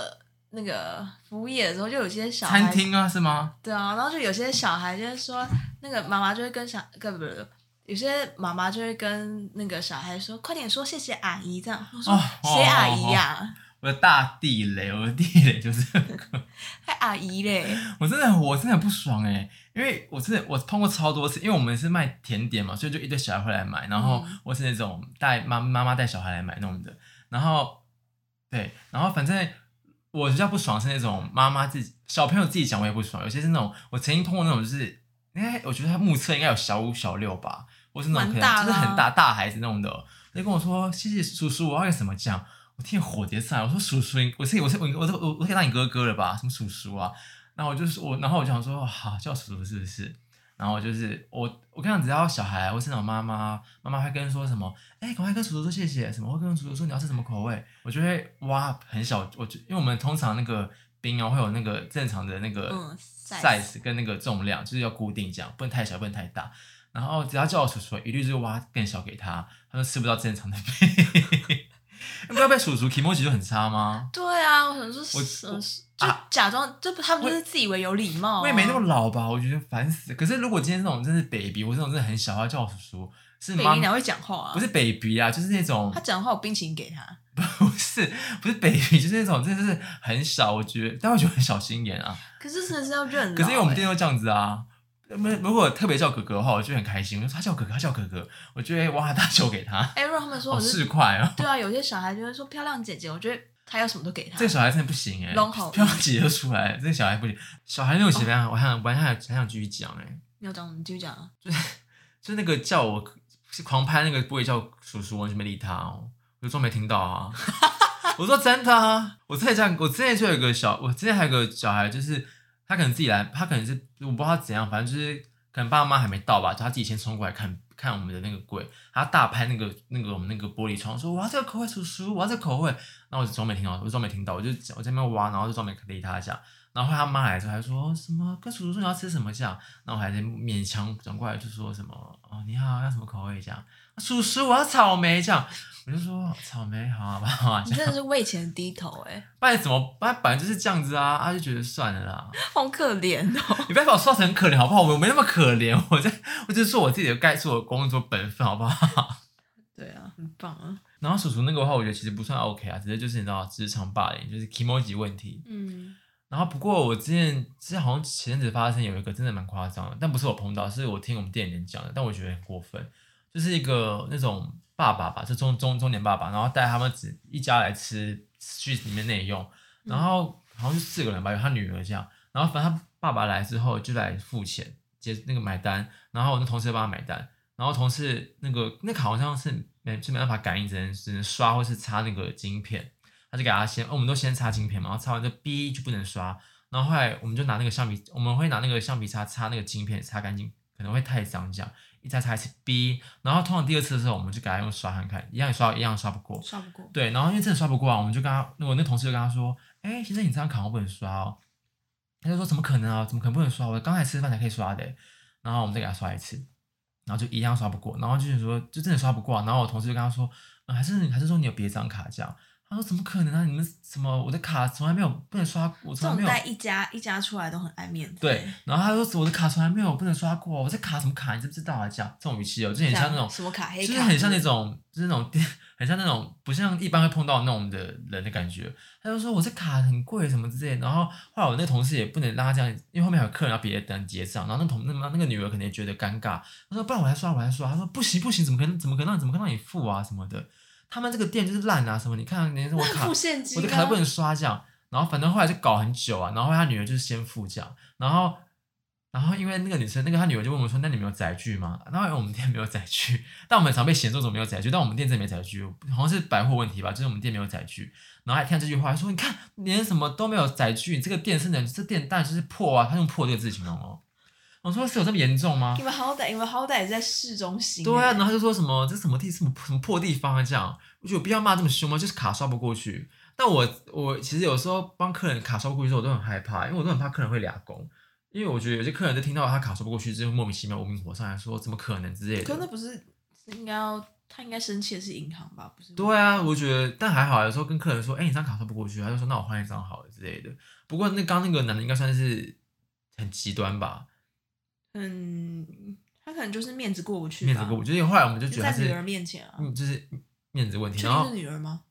那個服務業的時候，就有些小孩餐廳啊，是嗎？對啊，然後就有些小孩就是說，那個媽媽就會跟小，不不是，有些媽媽就會跟那個小孩說，快點說謝謝阿姨這樣，我說謝謝、哦哦、阿姨呀、啊。哦哦哦我的大地雷，我的地雷就是 還阿姨嘞！我真的，我真的不爽誒、欸，因為我真的我碰過超多次，因為我們是賣甜點嘛，所以就一堆小孩會來買，然後我是那種帶媽媽媽帶小孩來買那種的，然後對，然後反正我比較不爽是那種媽媽自己小朋友自己講，我也不爽。有些是那種我曾經碰過那種，就是應該、欸、我覺得他目測應該有小五小六吧，或是那種可能就是很大大,、啊、大孩子那種的，他就跟我說謝謝叔叔，我要什麼獎。我聽火碟菜，我說叔叔，我是我是我是我都我我可以當你哥哥了吧？什麼叔叔啊？然後，我就是我，然後我就想說，好、啊、叫叔叔是不是？然後就是我，我剛剛只要小孩，我先找我媽媽，媽媽會跟他說什麼？哎、欸，趕快跟叔叔說謝謝什麼？我跟叔叔說你要吃什麼口味？我就會挖很小，我就因為我們通常那個冰啊、喔、會有那個正常的那個 size 跟那個重量，就是要固定這樣，不能太小，不能太大。然後只要叫我叔叔，一律就挖更小給他，他們吃不到正常的冰。 不要被叔叔 kimochi 就很差嗎？對啊，我想說，是，是，就假裝，他不是自以為有禮貌、啊。我也沒那麼老吧，我覺得煩死。可是如果今天這種真是 baby，我這種是很小，要叫我叔叔是嗎？你 baby 哪會講話、啊？不是 baby 啊，就是那種他講話我冰淇淋給他。不是不是 baby，就是那種真的是很小，我覺得，但我覺得很小心眼啊。可是真的是要認。可是因為我們店都這樣子啊。沒如果特別叫哥哥的話，我就很開心。我說他叫哥哥，他叫哥哥，我覺得哇，大手給他。哎、欸，如果他們說我是四塊啊。 對啊，有些小孩就會說漂亮姐姐，我覺得他要什麼都給他。這個小孩真的不行誒、欸，漂亮姐姐就出來，這個小孩不行。小孩那種怎麼樣？Oh. 我還想，我還想，還想繼續講誒、欸，你要講，我們繼續講啊。對，就那個叫我是狂拍那個不會叫叔叔，我就沒理他哦、喔，我就裝沒聽到啊。 我說真的啊，我之前我之前就有個小，我之前還有個小孩就是。他可能自己來，他可能是我不知道他怎樣，反正就是可能爸媽還沒到吧，就他自己先衝過來看看我們的那個櫃，他大拍那個那個我們那個玻璃窗，說：“哇，這個口味，叔叔，哇，這口味。”那我就裝沒聽到，我裝沒聽到，我就我在那邊挖，然後就裝沒理他一下。然後，後來他媽來之後還說什麼，跟叔叔說你要吃什麼醬？那我還得勉強轉過來就說什麼哦，你好要什麼口味醬、啊？叔叔我要草莓醬，我就說草莓好，好不、啊、好、啊？你真的是為錢低頭哎、欸！不然怎麼？不然本來就是這樣子啊，他、啊、就覺得算了啦，好可憐哦、喔！ 你不要把我說成可憐好不好？我沒那麼可憐，我在我就說我自己的該做的工作本分，好不好？ 對啊，很棒啊！然後叔叔那個話，我覺得其實不算 OK 啊，直接就是你知道職場霸凌，就是 kimoji 問題，嗯。然後不過我之前之前好像前陣子發生有一個真的蠻誇張的，但不是我碰到，是我聽我們店裡面講的，但我覺得很過分，就是一個那種爸爸吧，就中中中年爸爸，然後帶他們只一家來吃去裡面內用，然後好像是四個人吧，有他女兒這樣，然後反正他爸爸來之後就來付錢結那個買單，然後我那同事幫他買單，然後同事那個那卡、個、好像是沒是沒辦法感應只能只能刷或是插那個晶片。就給他先、哦，我們都先擦晶片嘛，然後擦完這 B 就不能刷，然後後來我們就拿那個橡皮，我們會拿那個橡皮擦擦那個晶片擦，擦乾淨可能會太髒這樣，一擦擦一次 B，然後通常第二次的時候，我們就給他用刷痕看，看，一樣刷一樣，刷，一樣刷不過，刷不過，對，然後因為真的刷不過啊，我們就跟他，我那同事就跟他說，哎、欸，先生，你這張卡我不能刷哦、喔，他就說怎麼可能啊，怎麼可能不能刷？我剛才吃飯才可以刷的，然後我們再給他刷一次，然後就一樣刷不過，然後就是說就真的刷不過、啊，然後我同事就跟他說，嗯，還是還是說你有別張卡這樣。他說：“怎麼可能啊？你們什麼？我的卡從來沒有不能刷，我從來沒有。不能刷過”帶一家一家出來都很愛面子。對。然後他說：“我的卡從來沒有不能刷過，我這卡什麼卡？你知不知道啊？叫這種語氣哦，就很像那種像什麼卡,黑卡，就是很像那種，嗯、就是那種很像那種不像一般會碰到那種的人的感覺。”他就說：“我這卡很貴，什麼之類。”然後後來我那同事也不能讓他這樣，因為後面還有客人要別人等結賬。然後那同，那麼那個女兒肯定也覺得尷尬，他說：“不然我來刷，我來刷。”他說：“不行不行，怎麼可能？怎麼可能讓怎麼可能讓你付啊？什麼的。”他們這個店就是爛啊，什麼？你看連什麼卡，我的卡都不能刷這樣。然後反正後來就搞很久啊。然後後來他女兒就是先付賬，然後然後因為那個女生，那個他女兒就問我說：“那你沒有載具嗎？”那我們店沒有載具，但我們常被嫌說什麼沒有載具，但我們店真的沒載具，好像是百貨問題吧，就是我們店沒有載具。然後還看這句話，說你看連什麼都沒有載具，這個店是能，這店當然是破啊，他用破這個字形容哦。我、哦、說是有這麼嚴重嗎？你們好歹，你們好歹也在市中心、欸。對啊，然後就說什麼這什麼地什麼什麼破地方啊？這樣，我覺得有必要罵這麼凶嗎？就是卡刷不過去。但我我其實有時候幫客人卡刷不過去的時候，我都很害怕，因為我都很怕客人會倆工，因為我覺得有些客人在聽到他卡刷不過去之後，莫名其妙無名火上來說怎麼可能之類的。可那不是應該他應該生氣的是銀行吧？不是？對啊，我覺得，但還好，有時候跟客人說，哎、欸，你這張卡刷不過去，他就說那我換一張好了之類的。不過那剛那個男的應該算是很極端吧。嗯，他可能就是面子過不去，面子過不去。就是後來我們就覺得在女兒面前啊，嗯，就是面子問題。這就是女兒嗎？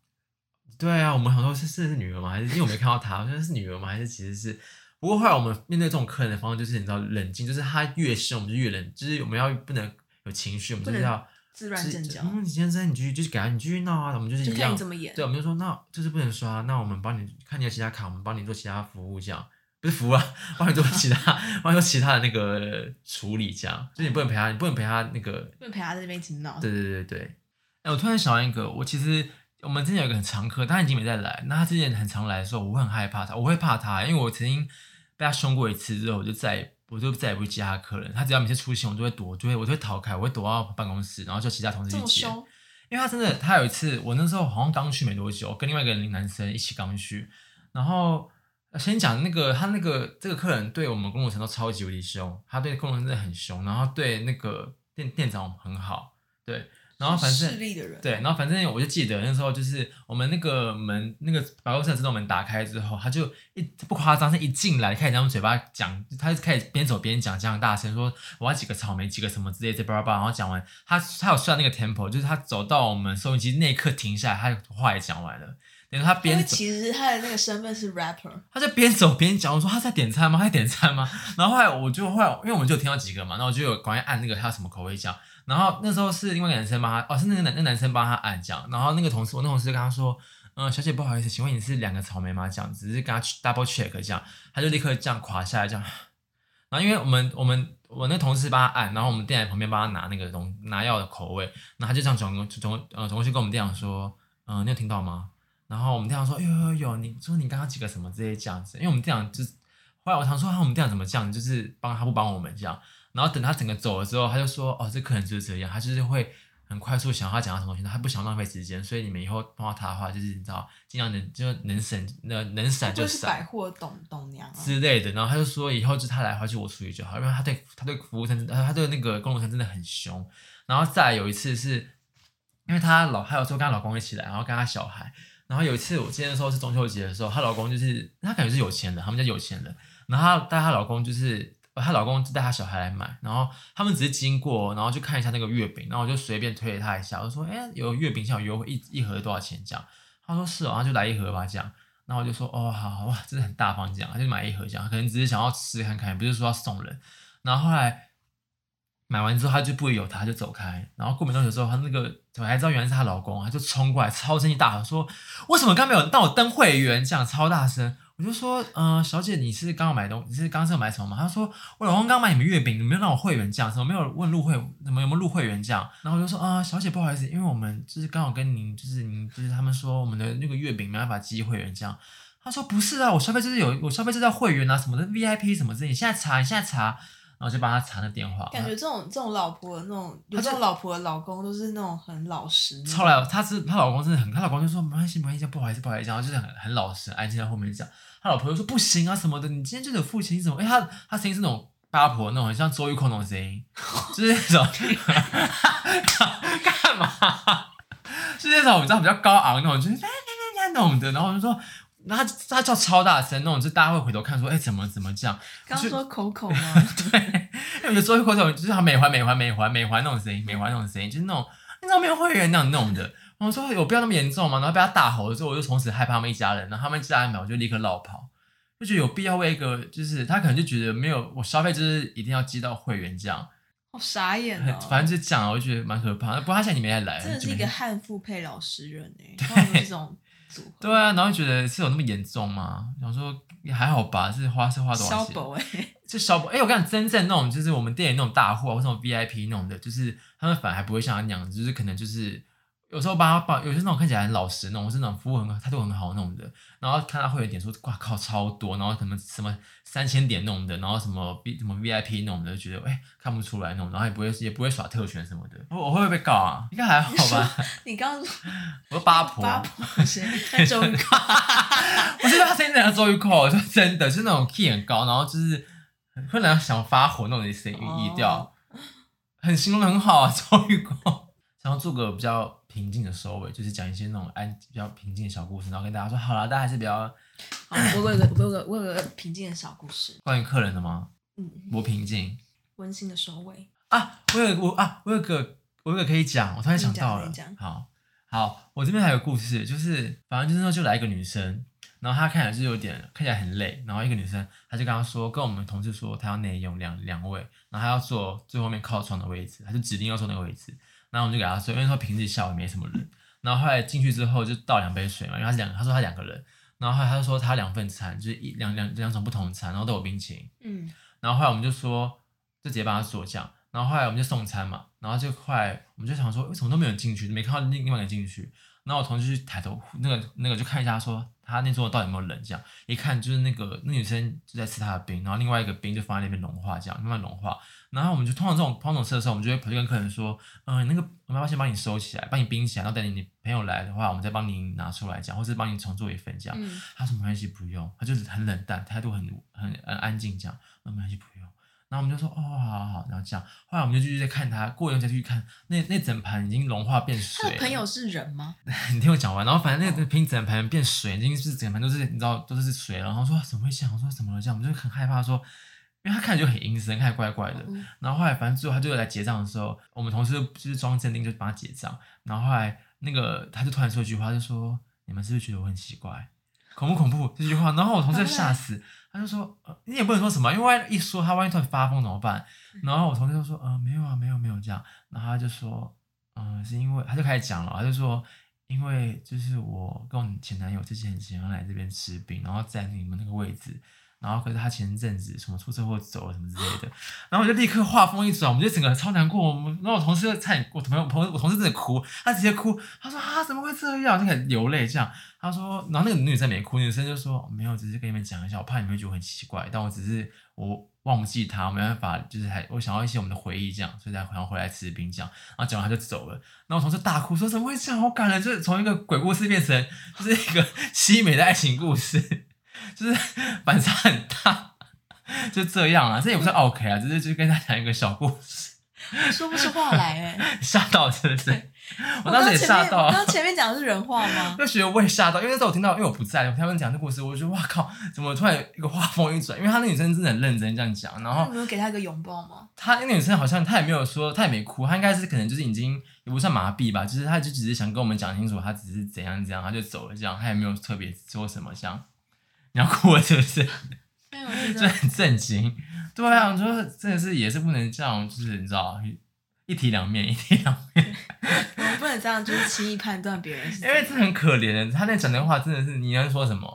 對啊，我們想說是，是是女兒嗎？還是因為我沒看到她，好 像是，是女兒嗎？還是其實是？不過後來我們面對這種客人的方式就是你知道，冷靜，就是他越凶我們就越冷，就是我們要不能有情緒，我們就是要自亂陣腳。嗯，先生你現在你繼續就是敢你繼續鬧啊，我們就是一樣。就怎麼對，我們就說那就是不能刷，那我們幫你看你的其他卡，我們幫你做其他服務這樣。不是服啊，幫你做其他，幫 你做其他的那個處理，這樣，所、就、以、是、你不能陪他，你不能陪他那個，不能陪他在這邊鬧。對對對對，欸，我突然想到一個，我其實我們之前有一個很常客，他已經沒再來。那他之前很常來的時候，我會很害怕他，我會怕他，因為我曾經被他凶過一次之後，我就再我就再也不會接他客人。他只要每次出現，我就會躲，就會我就會逃開，我會躲到辦公室，然後叫其他同事去接。因為他真的，他有一次，我那時候好像剛去沒多久，跟另外一個男生一起剛去，然後。先講那個他那個這個客人對我們工作人員都超級無敵凶，他對工作人員真的很凶，然後對那個店店長很好，對，然後反正勢力的人對，然後反正我就記得那時候就是我們那個門、嗯、那個百貨城自動門打開之後，他就一不誇張，他一進來開始用嘴巴講，他就開始邊走邊講這樣大聲說，我要幾個草莓，幾個什麼之類的叭叭叭，然後講完他他有算那個 tempo，就是他走到我們收銀機那一刻停下來，他話也講完了。因為他邊走，其實他的那個身份是 rapper，他在邊走邊講。我說他在點餐嗎？他在點餐嗎？然後後來我就後來，因為我們就有聽到幾個嘛，然後我就有趕快按那個他什麼口味這樣。然後那時候是另外一個男生幫他，哦是那個男那男生幫他按這樣。然後那個同事，我那同事跟他說，嗯、呃，小姐不好意思，請問你是兩個草莓嗎？這樣只是跟他 double check 一下，他就立刻這樣垮下來這樣。然後因為我們我們我那同事幫他按，然後我們店員旁邊幫他拿那個東拿藥的口味，然後他就這樣轉過轉呃轉過去跟我們店長說，嗯、呃，你有聽到嗎？然後我們店長說：“哎呦呦，你說你剛剛幾個什麼之類這樣子，因為我們店長就，後來我常說他我們店長怎麼這樣，就是幫他不幫我們這樣。然後等他整個走了之後，他就說：哦，這客人就是這樣，他就是會很快速想要他講到什麼東西，他不想浪費時間。所以你們以後碰到他的話，就是你知道，盡量能就能省能能省就省。”百貨董董娘之類的。然後他就說以後就他來的話就我處理就好，因為他對他對服務生，他對那個工作生真的很凶。然後再有一次是，因為他老還有說跟他老公一起來，然後跟他小孩。然後有一次，我今天的時候是中秋節的時候，她老公就是她感覺是有錢的，他們家有錢的，然後他帶她老公，就是她老公就帶她小孩來買。然後他們只是經過，然後去看一下那個月餅。然後我就隨便推了她一下，我就說：“誒，欸，有月餅，像有優惠，一一盒多少錢？”這樣，她說：“是哦。”然後就來一盒吧。這樣，那我就說：“哦，好好哇，真的很大方這樣。”她就買一盒這樣，可能只是想要吃看看，也不是說要送人。然後後來。買完之後，她就不會有他，他就走開。然後過買東西之後，她那個怎麼還知道原來是她老公，她就衝過來，超生氣，大喊說：“為什麼剛沒有讓人我登會員這樣超大聲！”我就說：“嗯、呃、小姐，你是剛好買東西，你是剛是買什麼嗎？”她說：“我老公剛買你們月餅，你沒有讓我會員這樣什麼沒有問入會怎麼有沒有入會員這樣。”然後我就說：“啊、呃，小姐，不好意思，因為我們就是剛好跟您，就是您，就是他們說我們的那個月餅沒辦法積會員這樣。”她說：“不是啊，我消費就是有，我消費這叫會員啊，什麼的 VIP 什麼之類，你現在查，你現在查。”然後就幫他查那電話，感覺這種這種老婆的那種，有這種老婆的老公都是那種很老實。後來的他是他老公真的很，他老公就說沒關係，沒關係，不好意思，不好意思，然後就是很很老實，安靜在後，後面講。他老婆就說不行啊什麼的，你今天就有父親，你怎麼？哎、欸，他他聲音是那種八婆那種，很像周玉蔻那種聲音，就是那種哈哈哈，幹 嘛？就是那種你知道比較高昂的那種，就是那種，那種的，然後就說。那他他叫超大聲，那種就大家會回頭看說，哎，怎麼怎麼這樣？剛說口口嗎？對，有 有、哎、說會口口，就是他每環每環每環每環那種聲音，每環那種聲音，就是那種你知道沒有會員那樣弄的。我說有必要那麼嚴重嘛，然後被他大吼了之後，我就從此害怕他們一家人。然後他們進來買，我就立刻落跑，就覺得有必要為一個，就是他可能就覺得沒有我消費，就是一定要積到會員這樣。我、哦、傻眼了、啊，反正就是這樣，我就覺得蠻可怕。不過他現在裡面還來，真的是一個悍婦配老實人哎，對這種。對啊，然後覺得是有那麼嚴重嗎？然後說也還好吧，是花是花多少錢？消保欸、就消保欸！我跟你講，真正那種就是我們店裡那種大戶，或是那種 VIP 那種的，就是他們反而還不會像他那樣，就是可能就是。有時候把他把有些那種看起來很老實那種，或那種服務很態度很好那種的，然後看他會有點說哇靠超多，然後什麼什麼三千點那種的，然後什麼 V 什麼 VIP 那種的，就覺得誒、欸、看不出來那種，然後也不會也不會耍特權什麼的。我我會不會被告啊，應該還好吧？你剛說,你剛剛說我是八婆，八婆很中、 就是周玉蔻，不是他真正的周玉我是說他現在的就真的、就是那種 key 很高，然後就是會讓人想發火那種的聲音語調，oh. 很形容很好啊，周玉蔻，想要做個比較。平靜的收尾，就是講一些那種安，比較平靜的小故事，然後跟大家說好了，大家還是比較。我有個 我有個我有個我有個平靜的小故事，關於客人的嗎？嗯，我平靜。溫馨的收尾啊！我有個我啊，我有個我有個可以講，我突然想到了。好好，我這邊還有故事，就是反正就是說，就來一個女生，然後她看起來是有點看起來很累，然後一個女生，她就跟她說，跟我們同事說，她要內用兩兩位，然後她要坐最後面靠窗的位置，她就指定要坐那個位置。然後我們就給他說，因為說平時下午沒什麼人。然後後來進去之後就倒兩杯水嘛，因為他兩，他說他兩個人。然後後來他就說他兩份餐，就是一兩兩兩種不同的餐，然後都有冰淇淋。嗯。然後後來我們就說，就直接幫他做這樣，然後後來我們就送餐嘛，然後就後來我們就想說，為什麼都沒有進去，沒看到另另外一個人進去？然後我同事就抬頭，那個那個就看一下，說。他那時候到底有沒有冷？這樣一看，就是那個那女生就在吃她的冰，然後另外一個冰就放在那邊融化，這樣慢慢融化。然後我們就通常這種跑這車的時候，我們就會跟客人說，嗯，那個我們要先幫你收起來，幫你冰起來，然後等你,你朋友來的話，我們再幫您拿出來這樣，或是幫你重做一份這樣。嗯、他說沒關係不用，他就是很冷淡，態度很很,很安靜，這樣，什、嗯、沒關係不用。然後我們就說哦，好好好，然後這樣。後來我們就繼續再看他，過一段時間再繼續看，那那整盤已經融化變水了。他的朋友是人嗎？ 你聽我講完。然後反正那個瓶整盤變水，哦，已經是整盤都是你知道都是水了。然後說怎、啊、麼會這樣？我說怎麼了這樣？我們就很害怕說，因為他看着就很陰森，看着怪怪的，哦嗯。然後後來反正最後他就來結賬的時候，我們同事就是裝鎮定就幫他結賬。然後後來那個他就突然說一句話，就說你們是不是覺得我很奇怪？恐怖恐怖這句話，然後我同事就嚇死， 他就說，呃，你也不能說什麼，因為一說他萬一突然發瘋怎麼辦？然後我同事就說，呃，沒有啊，沒有沒有這樣。然後他就說，嗯、呃，是因為他就開始講了，他就說，因為就是我跟我前男友之前很常來這邊吃餅，然後在你們那個位置。然後可是他前陣子什麼出車禍走了什麼之類的，然後我就立刻話鋒一轉，我們就整個超難過。我們然後我同事就差點，我朋友朋友，我同事真的哭，他直接哭，他說啊，怎麼會這樣？他很流淚這樣。他說，然後那個女生沒哭，女生就說沒有，只是跟你們講一下，我怕你們覺得很奇怪，但我只是我忘記他，沒辦法，就是還我想要一些我們的回憶這樣，所以才然後回來吃冰這樣，然後講完他就走了，然後我同事大哭說怎麼會這樣？好感人，就是從一個鬼故事變成就是一個淒美的愛情故事。就是反差很大，就這樣啊，這也不是 OK 啊，只、就是就跟他講一個小故事，說不出話來哎、欸，嚇 到是不是？我，剛剛我當時也嚇到。那前面講的是人話嗎？就 覺得我也嚇到，因為那時候我聽到，因為我不在，我聽他們講這故事，我覺得哇靠，怎麼突然一個畫風一轉？因為他那女生真的很認真這樣講，然後有沒有給他一個擁抱嗎？他那女生好像他也沒有說，他也沒哭，他應該是可能就是已經也不算麻痹吧，就是他就只是想跟我們講清楚，他只是怎樣怎樣，他就走了這樣，他也沒有特別說什麼這樣你要哭了是不是？欸、是就很震驚，對啊，就是真的是也是不能這樣，就是你知道一體兩面，一體兩面，我、嗯、們不能這樣就是輕易判斷別人是， 因為這很可憐的。他那講的話真的是，你要說什麼？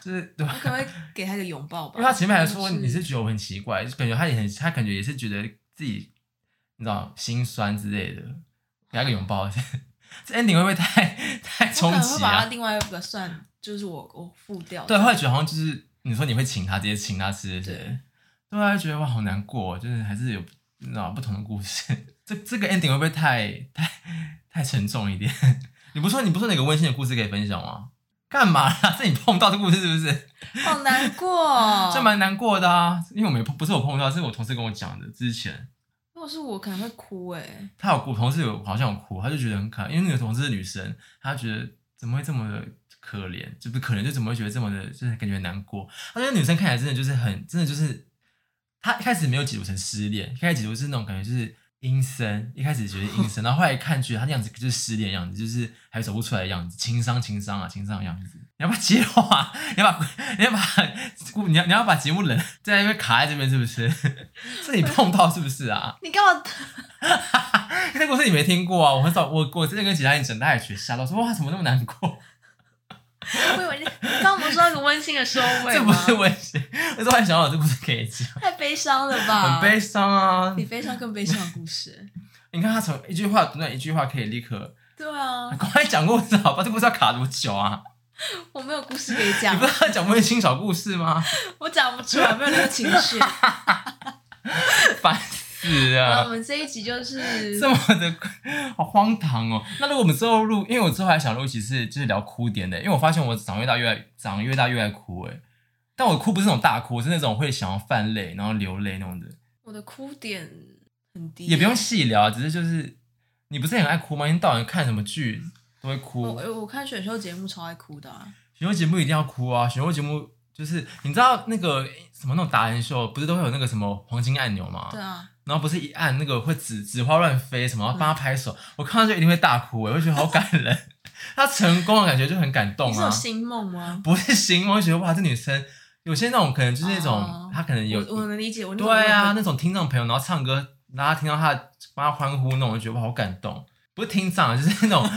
就是對吧。我可能可給他一個擁抱？吧。因為他前面還說、就是、你是覺得我很奇怪，就感覺他也很，他感覺也是覺得自己你知道心酸之類的，給他個擁抱。啊 這 ending 會不會太太衝擊啊？我會把它另外一個算，就是我我付掉。對，他會覺得好像就是你說你會請他，直接請他吃，對。對，他覺得哇，好難過，就是還是有不同的故事。 這這個 ending 會不會太太太沉重一點？ 你不說你不說哪個溫馨的故事可以分享嗎？幹嘛啦？是你碰到的故事是不是？好難過、哦，這 蠻難過的啊。因為我沒碰，不是我碰到，是我同事跟我講的之前。或是我，我可能會哭誒、欸，他有哭，我同事有好像有哭，他就覺得很可愛，因為那個同事是女生，她覺得怎麼會這麼的可憐，就不可憐，就怎麼會覺得這麼的，就是感覺難過。她覺得女生看起來真的就是很，真的就是，她一開始沒有解讀成失戀，一開始解讀是那種感覺就是陰森，一開始覺得陰森，然後後來看去，她那樣子就是失戀樣子，就是還走不出來的樣子，情傷情傷啊，情傷的樣子。你要不要接話？你要把你要把你要你要把節目冷在那邊，卡在這邊是不是？ 是你碰到是不是啊？你幹嘛？這 個 故事你沒聽過啊？我很少我我真的跟其他人整那句，嚇到我說哇怎麼那麼難過？ 我以為剛我們說那個溫馨的收尾嗎？這不是溫馨。我突然想到這故事可以講，太悲傷了吧？很悲傷啊！比悲傷更悲傷的故事。 你看他從一句話短短一句話可以立刻對啊，我剛才講過知道吧？這故事要卡得多久啊？我沒有故事可以講， 你不知道他講不會清掃故事嗎？ 我講不出來，沒有那個情緒，煩 死 癡啊！ 我們這一集就是這麼的，好荒唐哦。那如果我們之後錄，因為我之後還想錄一集是就是聊哭點的，因為我發現我長越大越愛，越長越大越愛哭誒，但我哭不是那種大哭，是那種會想要泛淚，然後流淚那種的。我的哭點很低，也不用細聊啊，只是就是你不是很愛哭嗎？你到底看什麼劇？都會哭。我，我看選秀節目超愛哭的啊！選秀節目一定要哭啊！選秀節目就是你知道那個什麼那種達人秀，不是都會有那個什麼黃金按鈕嗎？對啊。然後不是一按那個會紙紙花亂飛，什麼然後幫他拍手、嗯，我看到就一定會大哭、欸，我我覺得好感人。 他成功的感覺就很感動啊。是新夢嗎？不是新夢，我覺得哇，這女生有些那種可能就是那種她、呃、可能有我，我能理解我。對啊，那種，那種聽眾朋友，然後唱歌，然後聽到他幫他歡呼那種，覺得好感動。不是聽眾，就是那種。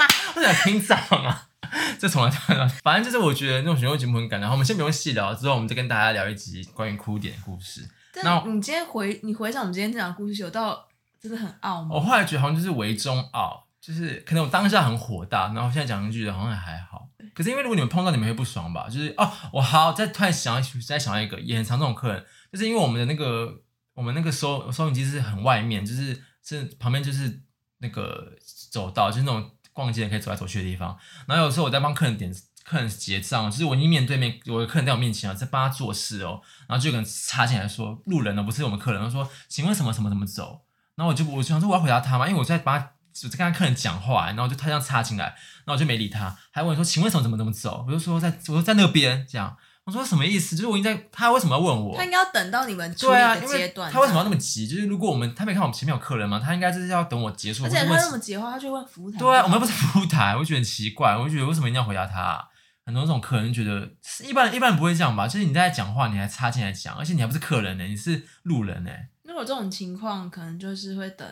不 想聽髒啊！ 這從來就 反正就是我覺得那種選秀節目很感人。然後我們先不用細聊，之後我們再跟大家聊一集關於哭點的故事。那你今天回，你回想，我們今天這場故事，有到真的很奧嗎？我後來覺得好像就是微中奧，就是可能我當下很火大，然後現在講一句好像還好。可是因為如果你們碰到，你們會不爽吧？就是哦，我好再突然想再想到一個，也很常這種客人，就是因為我們的那個我們那個收收音機是很外面，就是是旁邊就是那個走道，就是那種。逛街可以走來走去的地方，然後有時候我在幫客人點客人結賬，就是我一面對面，我有個客人在我面前啊，在幫他做事哦，然後就有人插進來說路人呢、哦、不是我們客人，他說請問什麼什麼怎麼走？然後我就我就想說我要回答他嘛，因為我在幫他我在跟他客人講話，然後就他這樣插進來，然後我就沒理他，還問說請問什麼怎麼怎麼走？我就說在我就在那邊這樣。我說什麼意思？就是我應該他為什麼要問我？他應該要等到你們對啊，階段因為，他為什麼要那麼急？就是如果我們他沒看我們前面有客人嘛，他應該就是要等我結束。而且他那麼急的話，他就問服務台。對啊，我們又不是服務台，我覺得很奇怪。我覺得為什麼一定要回答他、啊？很多這種客人覺得一般人，一般人不會這樣吧？就是你在講話，你還插進來講，而且你還不是客人呢、欸，你是路人呢、欸。如果這種情況，可能就是會等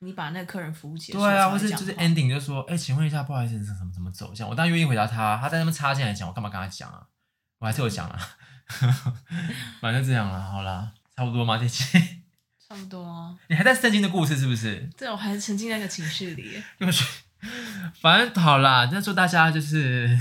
你把那個客人服務結束，對啊，或是就是 ending 就是說，哎，請問一下，不好意思，怎麼怎麼走向？我當然願意回答他，他在那邊插進來講，我幹嘛跟他講啊？我還是有講啊，反、嗯、正這樣了、啊，好啦，差不多嘛？這期差不多 你還在聖經的故事是不是？對，我還是沉浸在那個情緒裡。我反正好啦，那祝大家就是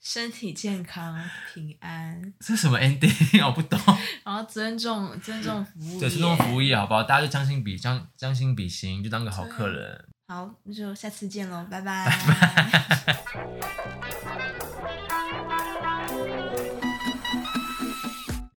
身體健康、平安。這是什麼 ending？我、哦、不懂。然後尊重、尊重服務業，尊重服務業，好不好？大家就將心比將將心比心，就當個好客人。好，那就下次見嘍，拜拜。拜拜